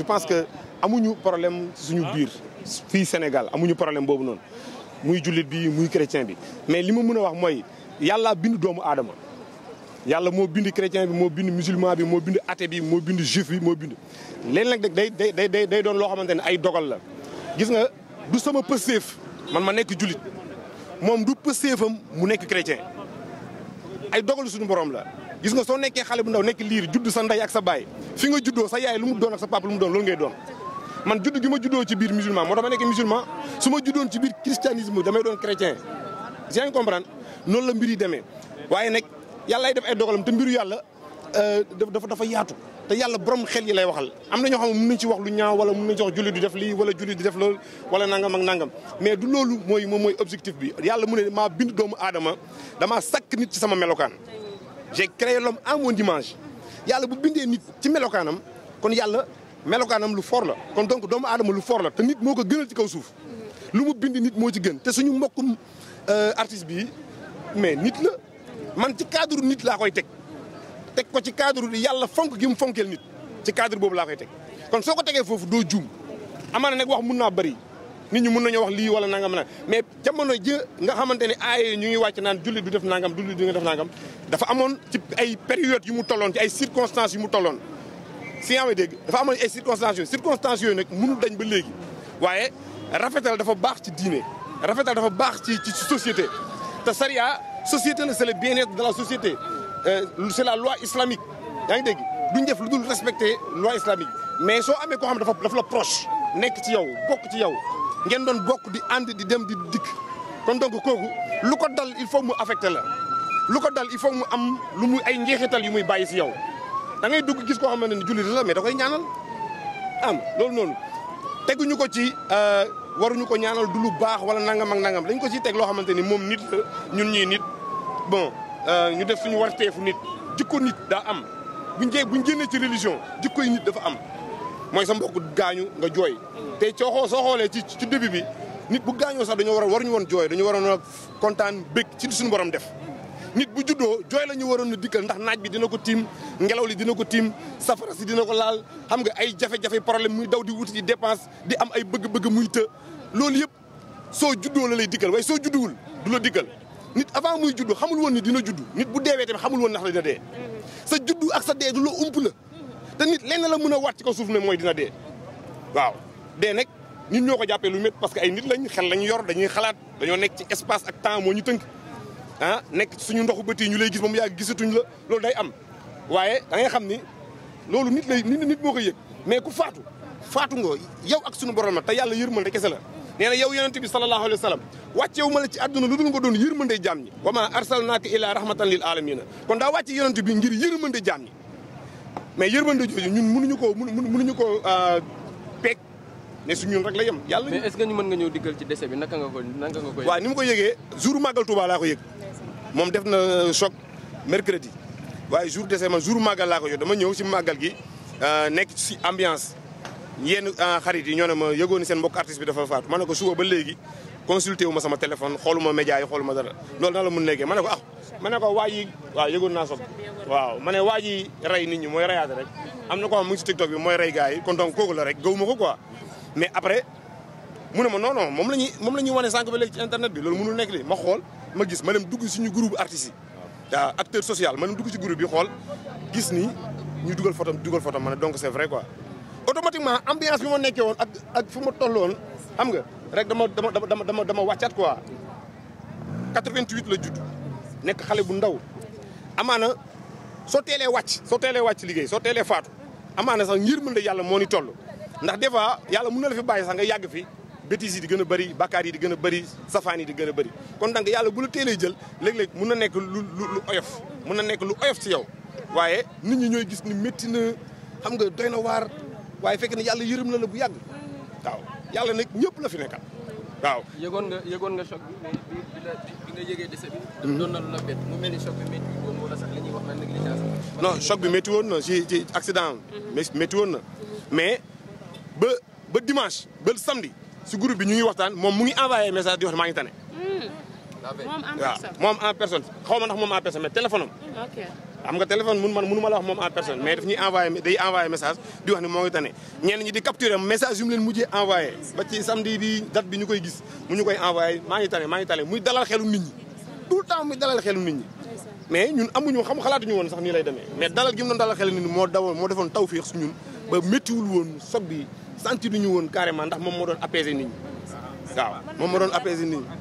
je pense que amuñu problème suñu ah. biir fii Sénégal amuñu problème boobu noonu muy jullit bi muy chrétien bi mais li ma mun a wax mooy yàlla bindu doomu aadama yàlla moo bind chrétien bi moo bind musulman bi moo bind ate bi moo bind juif bi moo bindu leen nag day day day day doon loo xamante ne ay dogal la gis nga du sama pëstéef man ma nekk julit moom du pëstéefam mu nekk chrétien ay dogalu suñu borom la gis nga soo nekkee xale bu ndaw nekk liir judd sa ndey ak sa baay fi nga juddoo sa yaay lu mu doon ak sa papa lu mu doon loolu ngay doon man judd gi ma juddoo ci biir musulman moo tax ma nekk su ma juddoon ci biir christianisme damay doon chrétien yaa ngi noonu la mbir yi demee waaye nag yàlla ay def ay dogalam te mbiru yàlla euh, dafa dafa yaatu te yàlla borom xel yi lay waxal am na ñoo xam ne mën ci wax lu ñaaw wala mën nañ ci wax julli du def lii wala julli du def lool wala nangam ak nangam mais du loolu mooy moom mooy objectif bi yàlla mu ne maa bind doomu adama damaa sàkk nit ci sama melokaan j'ai créé l'homme à mon image yàlla bu bindee nit ci melokaanam kon yàlla melokaanam lu foor la kon donc doomu aadama lu foor la te nit moo ko gënal ci kaw suuf lu mu bind nit moo ci gën te suñu mbokkum euh, artiste bi mais nit la man ci cadre nit laa koy teg teg ko ci cadre bi yàlla fonk gi mu fonkeel nit ci cadre boobu laa koy teg kon soo ko tegee foofu doo juum amaana nag wax mun naa bari nit ñu mun nañoo wax lii wala nangam nag mais jamono ji nga xamante ne aaye ñu ngi wàcc naan jullit du def nangam jullit du nga def nangam dafa amoon ci ay période yu mu tolloon ci ay circonstances yu mu tolloon si nga xam dégg dafa amoon ay circonstances yooyu circonstances yooyu dañ ba léegi waaye rafetal dafa baax ci diine rafetal dafa baax ci ci société te sariya société la c'est le bien-être société Euh, c'est la loi islamique yaa ngi dégg duñ def lu dul respecter loi islamique mais soo amee ko xam dafa dafa la proche nekk ci yow bokk ci yow ngeen doon bokk di ànd di dem di dikk kon donc kooku lu ko dal il faut mu affecté la lu ko dal il faut mu am lu muy ay njeexital yu muy bàyyi si yow da ngay dugg gis koo xamante ne jullit la mais da koy ñaanal am loolu noonu teguñu ko ci euh, waruñu ko ñaanal du lu baax wala nangam ak nangam dañ ko ci teg loo xamante ni moom nit ñun ñii nit bon Euh, ñu def suñu warteefu nit jikko nit daa am buñ jee buñ génnee ci religion jikko yi nit dafa am mooy sa mbokk gaañu nga jooy te soo xoolee ci ci début bi nit bu gaañoo sax dañoo war a waruñu woon jooy dañu waroon a kontaan bég ci suñu borom def nit bu juddoo jooy la ñu waroon a dikkal ndax naaj bi dina ko tiim ngelaw li dina ko tiim safara si dina ko laal xam nga ay jafe-jafe problème muy daw di wuti di dépense di am ay bëgg-bëgg muy të loolu yëpp soo juddoo la lay dikkal waaye soo judduwul du la dikkal nit avant muy juddu xamul woon ni dina juddu nit bu deewee tamit xamul woon ndax dina dee mm-hmm. sa juddu ak sa dee du la ump mm-hmm. la te nit lenn la mën a waat ci ko suuf ne mooy dina dee waaw dee nag nit ñoo ko jàppee lu métti parce que ay nit lañ xel lañ yor dañuy xalaat dañoo nekk ci espace ak temps moo ñu tënk ah nekk suñu ndoxu bët yi ñu lay gis ba mu yàgg gisatuñ la loolu day am waaye da ngay xam ni loolu nit lay nit nit moo ko yëg mais ku faatu faatu nga yow ak suñu borom la te yàlla yërmande kese la nee na yow yonente bi sallallahu alayhi wa sallam wàccewu ci àdduna lu dul nga doon yërmande jaam ñi wa ma arsalnaaka illaa rahmatan lil alamina kon daa wàcce yonente bi ngir yërmande jaam ñi mais yërmande jooju ñun mënuñu koo mënuñu koo euh, peeg ne su ñun rek la yem yàlla mais est-ce que ñu mën nga ñëw diggal ci dese bi naka nga ko naka nga ko waaw ni ma ko yëgee jour màggal Touba laa ko yëg moom def na euh, choc mercredi waaye jour décès man jour màggal laa ko yëg dama ñëw si màggal gi euh, nekk si ambiance yenn ah, xarit yi ñoo ne ma yëgoon seen mbokk artiste bi dafa faatu ma ne ko suba ba léegi consulté wu ma sama téléphone xooluma média yi xooluma dara loolu na la mun nekkee ma ne ko ah ma ne ko waa ji waaw yëgoon naa sob waaw ma ne waa ji rey nit ñi mooy reyaate rek am na ko xam mu ngi si TikTok bi mooy rey gars yi kon donc kooku la rek gëwuma ko quoi mais après mu ne ma non non moom la ñuy moom la ñuy wane sànq ba léegi ci bi loolu mënul nekk li ma xool ma gis ma dem dugg suñu group artistes yi acteur social ma dem dugg si groupe bi xool gis ni ñu dugal photo dugal photo ma ne donc c'est vrai quoi automatiquement ambiance bi moo nekkee woon ak ak fu ma toll woon xam nga rek dama dama dama dama dama wàccaat quoi 88 la judd nekk xale bu ndaw amaana soo teelee wàcc soo teelee wàcc liggéey soo teelee faatu amaana sax yërmande yàlla moo ni toll ndax des fois yàlla mun na la fi bàyyi sax nga yàgg fi bêtises di gën a bëri bakkaar yi di gën a bëri safaan yi di gën a bëri kon donc yàlla bu la teelee jël léeg-léeg mun na nekk lu lu oyof mun na nekk lu oyof ci yow waaye nit ñi ñooy gis ni métti na xam nga doy na waaye fekk na yàlla yërëm na la bu yàgg waaw yàlla nag ñëpp la fi nekkal waaw. yëgoon nga yëgoon bi mais hmm. na lu la bett mu mel ni choc bi métti woon na ci ci accident hmm. woon na mais ba ba dimanche ba samedi si groupe bi ñu ngi waxtaan moom mu ngi envoyé message di wax maa ngi tane. Hmm. moom en personne waaw moom en personne xaw ma ndax moom en personne mais téléphone xam nga téléphone mun man mënu ma wax moom en personne mais daf ñuy envoyé day envoyé message di wax ni moo ngi tane ñenn ñi di capturé message yu mu leen mujjee envoyé ba ci samedi bi date bi koy gis mu ñu koy envoyé maa ngi tane maa ngi tane muy dalal xelu nit ñi tout le temps muy dalal xelu nit ñi mais ñun amuñu xam xalaatuñu woon sax nii lay demee mais dalal gi mu doon dalal xelu nit ñi moo dawoon moo defoon tawfiix su ñun ba méttiwul woon soog bi sentiruñu woon carrément ndax moom moo doon apaiser nit ñi waaw moo doon apaiser nit ñi